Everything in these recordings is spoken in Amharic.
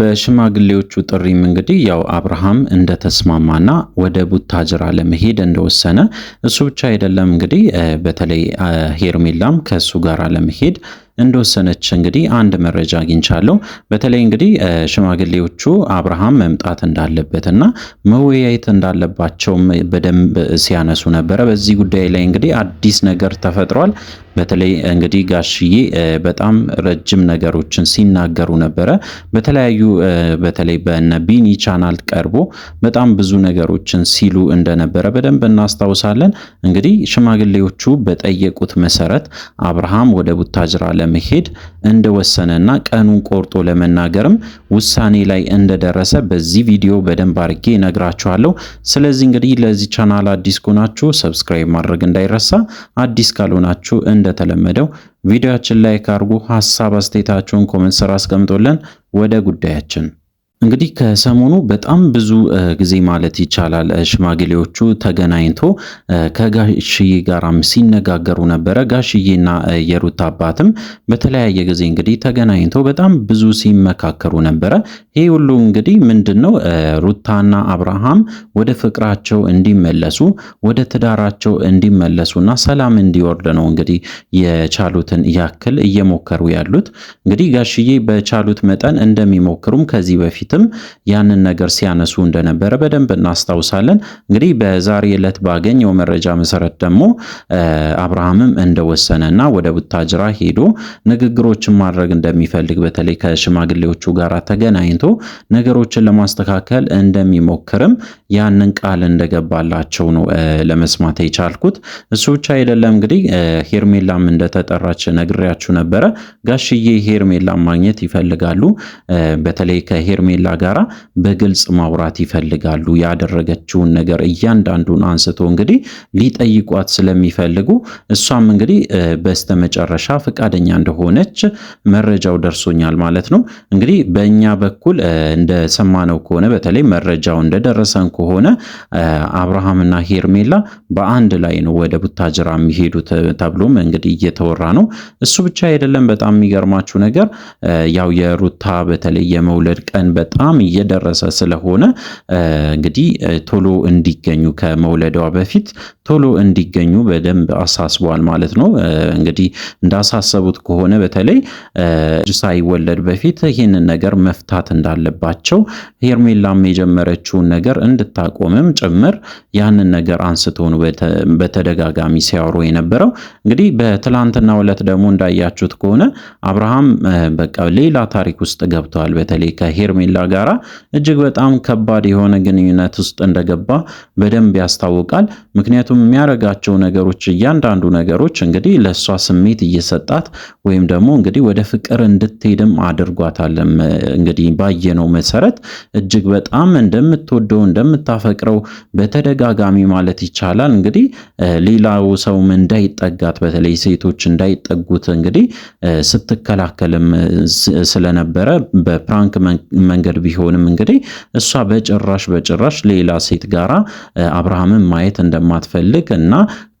በሽማግሌዎቹ ጥሪም እንግዲህ ያው አብርሃም እንደተስማማና ወደ ቡታጅራ ለመሄድ እንደወሰነ እሱ ብቻ አይደለም እንግዲህ በተለይ ሄርሜላም ከእሱ ጋር ለመሄድ እንደወሰነች እንግዲህ አንድ መረጃ አግኝቻለሁ። በተለይ እንግዲህ ሽማግሌዎቹ አብርሃም መምጣት እና መወያየት እንዳለባቸውም በደንብ ሲያነሱ ነበረ። በዚህ ጉዳይ ላይ እንግዲህ አዲስ ነገር ተፈጥሯል። በተለይ እንግዲህ ጋሽዬ በጣም ረጅም ነገሮችን ሲናገሩ ነበረ። በተለያዩ በተለይ በነ ቢኒ ቻናል ቀርቦ በጣም ብዙ ነገሮችን ሲሉ እንደነበረ በደንብ እናስታውሳለን። እንግዲህ ሽማግሌዎቹ በጠየቁት መሰረት አብርሃም ወደ ቡታጅራ ለመሄድ እንደወሰነና ቀኑን ቆርጦ ለመናገርም ውሳኔ ላይ እንደደረሰ በዚህ ቪዲዮ በደንብ አድርጌ እነግራችኋለሁ። ስለዚህ እንግዲህ ለዚህ ቻናል አዲስ ከሆናችሁ ሰብስክራይብ ማድረግ እንዳይረሳ፣ አዲስ ካልሆናችሁ እንደተለመደው ቪዲዮችን ላይ ካርጉ ሀሳብ አስተያየታችሁን ኮሜንት ስራ አስቀምጦልን ወደ ጉዳያችን እንግዲህ ከሰሞኑ በጣም ብዙ ጊዜ ማለት ይቻላል ሽማግሌዎቹ ተገናኝቶ ከጋሽዬ ጋራም ሲነጋገሩ ነበረ። ጋሽዬና የሩት አባትም በተለያየ ጊዜ እንግዲህ ተገናኝቶ በጣም ብዙ ሲመካከሩ ነበረ። ይህ ሁሉ እንግዲህ ምንድን ነው ሩታና አብርሃም ወደ ፍቅራቸው እንዲመለሱ ወደ ትዳራቸው እንዲመለሱና ሰላም እንዲወርድ ነው እንግዲህ የቻሉትን ያክል እየሞከሩ ያሉት። እንግዲህ ጋሽዬ በቻሉት መጠን እንደሚሞክሩም ከዚህ በፊት በፊትም ያንን ነገር ሲያነሱ እንደነበረ በደንብ እናስታውሳለን። እንግዲህ በዛሬ ዕለት ባገኘው መረጃ መሰረት ደግሞ አብርሃምም እንደወሰነና ወደ ቡታጅራ ሄዶ ንግግሮችን ማድረግ እንደሚፈልግ በተለይ ከሽማግሌዎቹ ጋር ተገናኝቶ ነገሮችን ለማስተካከል እንደሚሞክርም ያንን ቃል እንደገባላቸው ነው ለመስማት የቻልኩት። እሱ ብቻ አይደለም እንግዲህ ሄርሜላም እንደተጠራች ነግሬያችሁ ነበረ። ጋሽዬ ሄርሜላም ማግኘት ይፈልጋሉ። በተለይ ከሄርሜ ከሄርሜላ ጋራ በግልጽ ማውራት ይፈልጋሉ። ያደረገችውን ነገር እያንዳንዱን አንስቶ እንግዲህ ሊጠይቋት ስለሚፈልጉ እሷም እንግዲህ በስተመጨረሻ ፈቃደኛ እንደሆነች መረጃው ደርሶኛል ማለት ነው። እንግዲህ በእኛ በኩል እንደሰማነው ከሆነ በተለይ መረጃው እንደደረሰን ከሆነ አብርሃምና ሄርሜላ በአንድ ላይ ነው ወደ ቡታጅራ የሚሄዱት ተብሎም እንግዲህ እየተወራ ነው። እሱ ብቻ አይደለም። በጣም የሚገርማችሁ ነገር ያው የሩታ በተለይ የመውለድ ቀን በጣም እየደረሰ ስለሆነ እንግዲህ ቶሎ እንዲገኙ ከመውለዷ በፊት ቶሎ እንዲገኙ በደንብ አሳስቧል ማለት ነው። እንግዲህ እንዳሳሰቡት ከሆነ በተለይ ሳይወለድ በፊት ይህንን ነገር መፍታት እንዳለባቸው ሄርሜላም የጀመረችውን ነገር እንድታቆምም ጭምር ያንን ነገር አንስቶ በተደጋጋሚ ሲያወሩ የነበረው። እንግዲህ በትላንትና ዕለት ደግሞ እንዳያችሁት ከሆነ አብርሃም በቃ ሌላ ታሪክ ውስጥ ገብተዋል። በተለይ ከሄርሜላ ከሌላ ጋራ እጅግ በጣም ከባድ የሆነ ግንኙነት ውስጥ እንደገባ በደንብ ያስታውቃል። ምክንያቱም የሚያደርጋቸው ነገሮች እያንዳንዱ ነገሮች እንግዲህ ለእሷ ስሜት እየሰጣት ወይም ደግሞ እንግዲህ ወደ ፍቅር እንድትሄድም አድርጓታለም። እንግዲህ ባየነው መሰረት እጅግ በጣም እንደምትወደው እንደምታፈቅረው በተደጋጋሚ ማለት ይቻላል እንግዲህ ሌላው ሰውም እንዳይጠጋት በተለይ ሴቶች እንዳይጠጉት እንግዲህ ስትከላከልም ስለነበረ በፕራንክ መንገድ ቢሆንም እንግዲህ እሷ በጭራሽ በጭራሽ ሌላ ሴት ጋራ አብርሃምን ማየት እንደ ስለማትፈልግ እና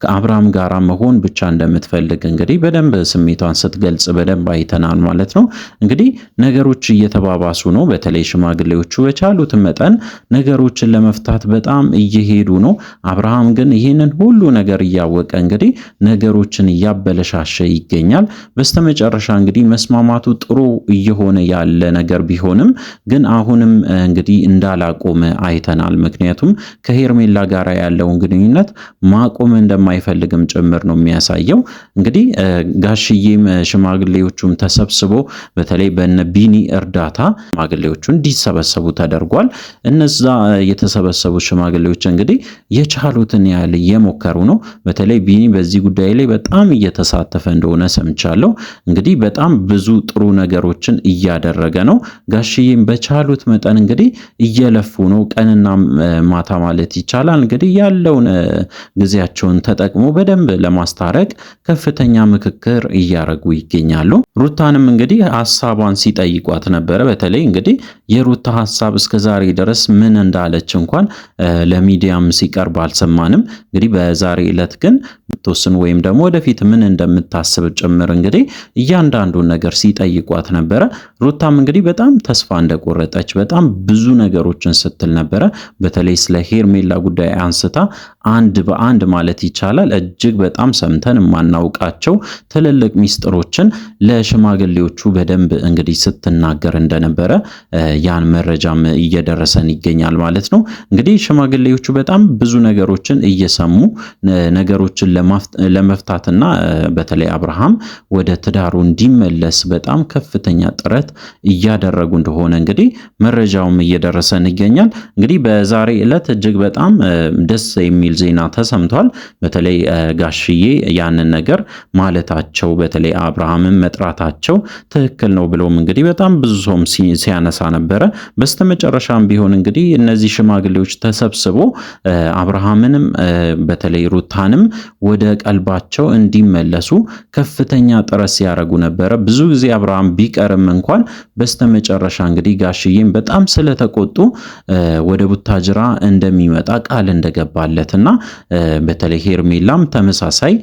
ከአብርሃም ጋር መሆን ብቻ እንደምትፈልግ እንግዲህ በደንብ ስሜቷን ስትገልጽ በደንብ አይተናል ማለት ነው። እንግዲህ ነገሮች እየተባባሱ ነው። በተለይ ሽማግሌዎቹ በቻሉት መጠን ነገሮችን ለመፍታት በጣም እየሄዱ ነው። አብርሃም ግን ይህንን ሁሉ ነገር እያወቀ እንግዲህ ነገሮችን እያበለሻሸ ይገኛል። በስተመጨረሻ እንግዲህ መስማማቱ ጥሩ እየሆነ ያለ ነገር ቢሆንም ግን አሁንም እንግዲህ እንዳላቆመ አይተናል። ምክንያቱም ከሄርሜላ ጋር ያለውን ግንኙነት ማቆም እንደማ እንደማይፈልግም ጭምር ነው የሚያሳየው። እንግዲህ ጋሽዬም ሽማግሌዎቹም ተሰብስቦ በተለይ በነ ቢኒ እርዳታ ሽማግሌዎቹ እንዲሰበሰቡ ተደርጓል። እነዛ የተሰበሰቡ ሽማግሌዎች እንግዲህ የቻሉትን ያህል እየሞከሩ ነው። በተለይ ቢኒ በዚህ ጉዳይ ላይ በጣም እየተሳተፈ እንደሆነ ሰምቻለሁ። እንግዲህ በጣም ብዙ ጥሩ ነገሮችን እያደረገ ነው። ጋሽዬም በቻሉት መጠን እንግዲህ እየለፉ ነው። ቀንና ማታ ማለት ይቻላል እንግዲህ ያለውን ጊዜያቸውን ተጠቅሞ በደንብ ለማስታረቅ ከፍተኛ ምክክር እያደረጉ ይገኛሉ። ሩታንም እንግዲህ ሀሳቧን ሲጠይቋት ነበረ። በተለይ እንግዲህ የሩታ ሀሳብ እስከ ዛሬ ድረስ ምን እንዳለች እንኳን ለሚዲያም ሲቀርብ አልሰማንም። እንግዲህ በዛሬ ዕለት ግን ምትወስን ወይም ደግሞ ወደፊት ምን እንደምታስብ ጭምር እንግዲህ እያንዳንዱን ነገር ሲጠይቋት ነበረ። ሩታም እንግዲህ በጣም ተስፋ እንደቆረጠች በጣም ብዙ ነገሮችን ስትል ነበረ። በተለይ ስለ ሄርሜላ ጉዳይ አንስታ አንድ በአንድ ማለት ይቻላል እጅግ በጣም ሰምተን የማናውቃቸው ትልልቅ ሚስጥሮችን ለሽማግሌዎቹ በደንብ እንግዲህ ስትናገር እንደነበረ ያን መረጃም እየደረሰን ይገኛል ማለት ነው። እንግዲህ ሽማግሌዎቹ በጣም ብዙ ነገሮችን እየሰሙ ነገሮችን ለመፍታትና በተለይ አብርሃም ወደ ትዳሩ እንዲመለስ በጣም ከፍተኛ ጥረት እያደረጉ እንደሆነ እንግዲህ መረጃውም እየደረሰን ይገኛል። እንግዲህ በዛሬ ዕለት እጅግ በጣም ደስ የሚል ዜና ተሰምቷል። በተለይ ጋሽዬ ያንን ነገር ማለታቸው በተለይ አብርሃምን መጥራታቸው ትክክል ነው ብለውም እንግዲህ በጣም ብዙ ሰውም ሲያነሳ ነበረ። በስተመጨረሻም ቢሆን እንግዲህ እነዚህ ሽማግሌዎች ተሰብስቦ አብርሃምንም በተለይ ሩታንም ወደ ቀልባቸው እንዲመለሱ ከፍተኛ ጥረት ሲያደርጉ ነበረ። ብዙ ጊዜ አብርሃም ቢቀርም እንኳን በስተመጨረሻ እንግዲህ ጋሽዬም በጣም ስለተቆጡ ወደ ቡታጅራ እንደሚመጣ ቃል እንደገባለት እና በተለይ ሄርሜላም ተመሳሳይ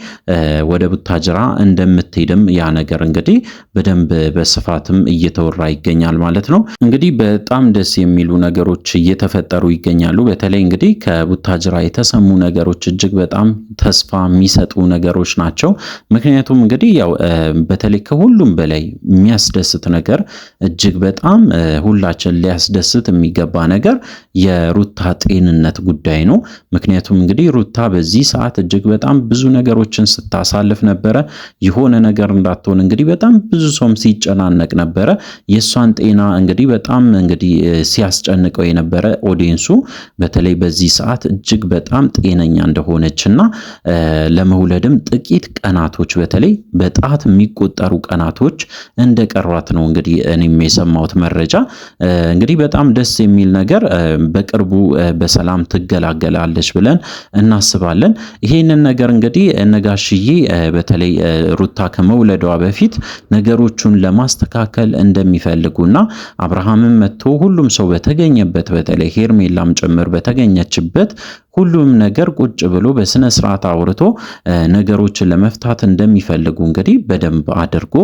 ወደ ቡታጅራ እንደምትሄድም ያ ነገር እንግዲህ በደንብ በስፋትም እየተወራ ይገኛል ማለት ነው። እንግዲህ በጣም ደስ የሚሉ ነገሮች እየተፈጠሩ ይገኛሉ። በተለይ እንግዲህ ከቡታጅራ የተሰሙ ነገሮች እጅግ በጣም ተስፋ የሚሰጡ ነገሮች ናቸው። ምክንያቱም እንግዲህ ያው በተለይ ከሁሉም በላይ የሚያስደስት ነገር እጅግ በጣም ሁላችን ሊያስደስት የሚገባ ነገር የሩታ ጤንነት ጉዳይ ነው። ምክንያቱም እንግዲህ ሩታ በዚህ ሰዓት እጅግ በጣም ብዙ ነገሮችን ስታሳልፍ ነበረ። የሆነ ነገር እንዳትሆን እንግዲህ በጣም ብዙ ሰውም ሲጨናነቅ ነበረ። የእሷን ጤና እንግዲህ በጣም እንግዲህ ሲያስጨንቀው የነበረ ኦዲየንሱ በተለይ በዚህ ሰዓት እጅግ በጣም ጤነኛ እንደሆነች እና ለመውለድም ጥቂት ቀናቶች በተለይ በጣት የሚቆጠሩ ቀናቶች እንደቀሯት ነው እንግዲህ እኔም የሰማሁት መረጃ። እንግዲህ በጣም ደስ የሚል ነገር በቅርቡ በሰላም ትገላገላለች ብለን እናስባለን። ይሄንን ነገር እንግዲህ ነጋሽዬ በተለይ ሩታ ከመውለዷ በፊት ነገሮቹን ለማስተካከል እንደሚፈልጉና አብርሃምም መጥቶ ሁሉም ሰው በተገኘበት በተለይ ሄርሜላም ጭምር በተገኘችበት ሁሉም ነገር ቁጭ ብሎ በስነ ስርዓት አውርቶ ነገሮችን ለመፍታት እንደሚፈልጉ እንግዲህ በደንብ አድርጎ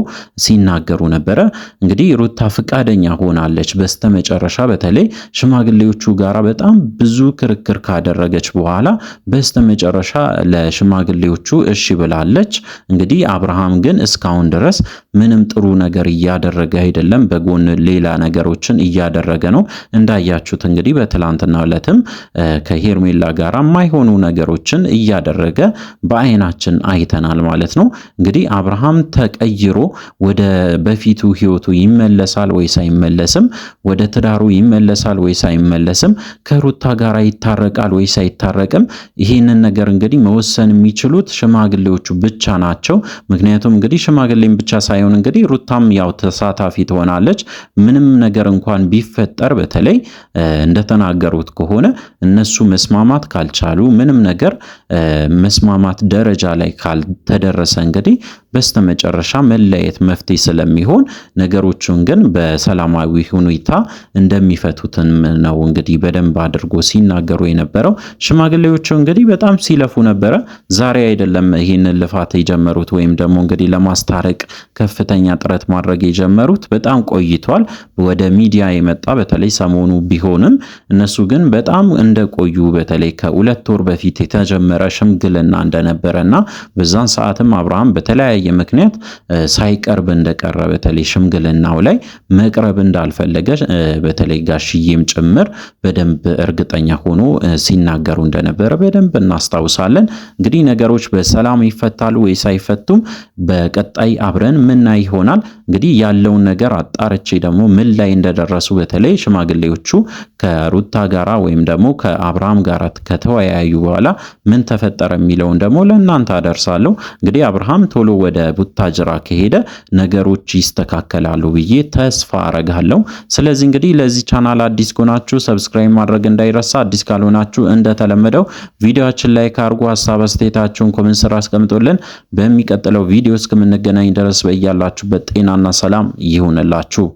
ሲናገሩ ነበረ። እንግዲህ ሩታ ፍቃደኛ ሆናለች። በስተመጨረሻ በተለይ ሽማግሌዎቹ ጋር በጣም ብዙ ክርክር ካደረገች በኋላ በስተመጨረሻ ለሽማግሌዎቹ እሺ ብላለች። እንግዲህ አብርሃም ግን እስካሁን ድረስ ምንም ጥሩ ነገር እያደረገ አይደለም። በጎን ሌላ ነገሮችን እያደረገ ነው። እንዳያችሁት እንግዲህ በትላንትና ዕለትም ከሄርሜላ ጋር የማይሆኑ ነገሮችን እያደረገ በአይናችን አይተናል ማለት ነው። እንግዲህ አብርሃም ተቀይሮ ወደ በፊቱ ህይወቱ ይመለሳል ወይስ አይመለስም? ወደ ትዳሩ ይመለሳል ወይስ አይመለስም? ከሩታ ጋር ይታረቃል ወይስ አይታረቅም? ይህንን ነገር እንግዲህ መወሰን የሚችሉት ሽማግሌዎቹ ብቻ ናቸው። ምክንያቱም እንግዲህ ሽማግሌም ብቻ ሳይሆን እንግዲህ ሩታም ያው ተሳታፊ ትሆናለች። ምንም ነገር እንኳን ቢፈጠር በተለይ እንደተናገሩት ከሆነ እነሱ መስማማት ካልቻሉ ምንም ነገር መስማማት ደረጃ ላይ ካልተደረሰ እንግዲህ በስተመጨረሻ መለየት መፍትሄ ስለሚሆን ነገሮቹን ግን በሰላማዊ ሁኔታ እንደሚፈቱትም ነው እንግዲህ በደንብ አድርጎ ሲናገሩ የነበረው። ሽማግሌዎቹ እንግዲህ በጣም ሲለፉ ነበረ። ዛሬ አይደለም ይህንን ልፋት የጀመሩት ወይም ደግሞ እንግዲህ ለማስታረቅ ከፍተኛ ጥረት ማድረግ የጀመሩት በጣም ቆይቷል። ወደ ሚዲያ የመጣ በተለይ ሰሞኑ ቢሆንም እነሱ ግን በጣም እንደቆዩ በተለይ ከሁለት ወር በፊት የተጀመረ ሽምግልና እንደነበረና በዛን ሰዓትም አብርሃም በተለያየ ምክንያት ሳይቀርብ እንደቀረ በተለይ ሽምግልናው ላይ መቅረብ እንዳልፈለገ በተለይ ጋሽዬም ጭምር በደንብ እርግጠኛ ሆኖ ሲናገሩ እንደነበረ በደንብ እናስታውሳለን። እንግዲህ ነገሮች በሰላም ይፈታሉ ወይስ አይፈቱም? በቀጣይ አብረን ምና ይሆናል። እንግዲህ ያለውን ነገር አጣርቼ ደግሞ ምን ላይ እንደደረሱ በተለይ ሽማግሌዎቹ ከሩታ ጋራ ወይም ደግሞ ከአብርሃም ጋር ከተወያዩ በኋላ ምን ተፈጠረ የሚለውን ደግሞ ለእናንተ አደርሳለሁ። እንግዲህ አብርሃም ቶሎ ወደ ቡታጅራ ከሄደ ነገሮች ይስተካከላሉ ብዬ ተስፋ አረጋለሁ። ስለዚህ እንግዲህ ለዚህ ቻናል አዲስ ከሆናችሁ ሰብስክራይብ ማድረግ እንዳይረሳ፣ አዲስ ካልሆናችሁ እንደተለመደው ቪዲዮችን ላይ አድርጉ፣ ሀሳብ አስተያየታችሁን ኮሜንት ስራ አስቀምጦልን። በሚቀጥለው ቪዲዮ እስከምንገናኝ ድረስ በያላችሁበት ጤና ጤናና ሰላም ይሁንላችሁ።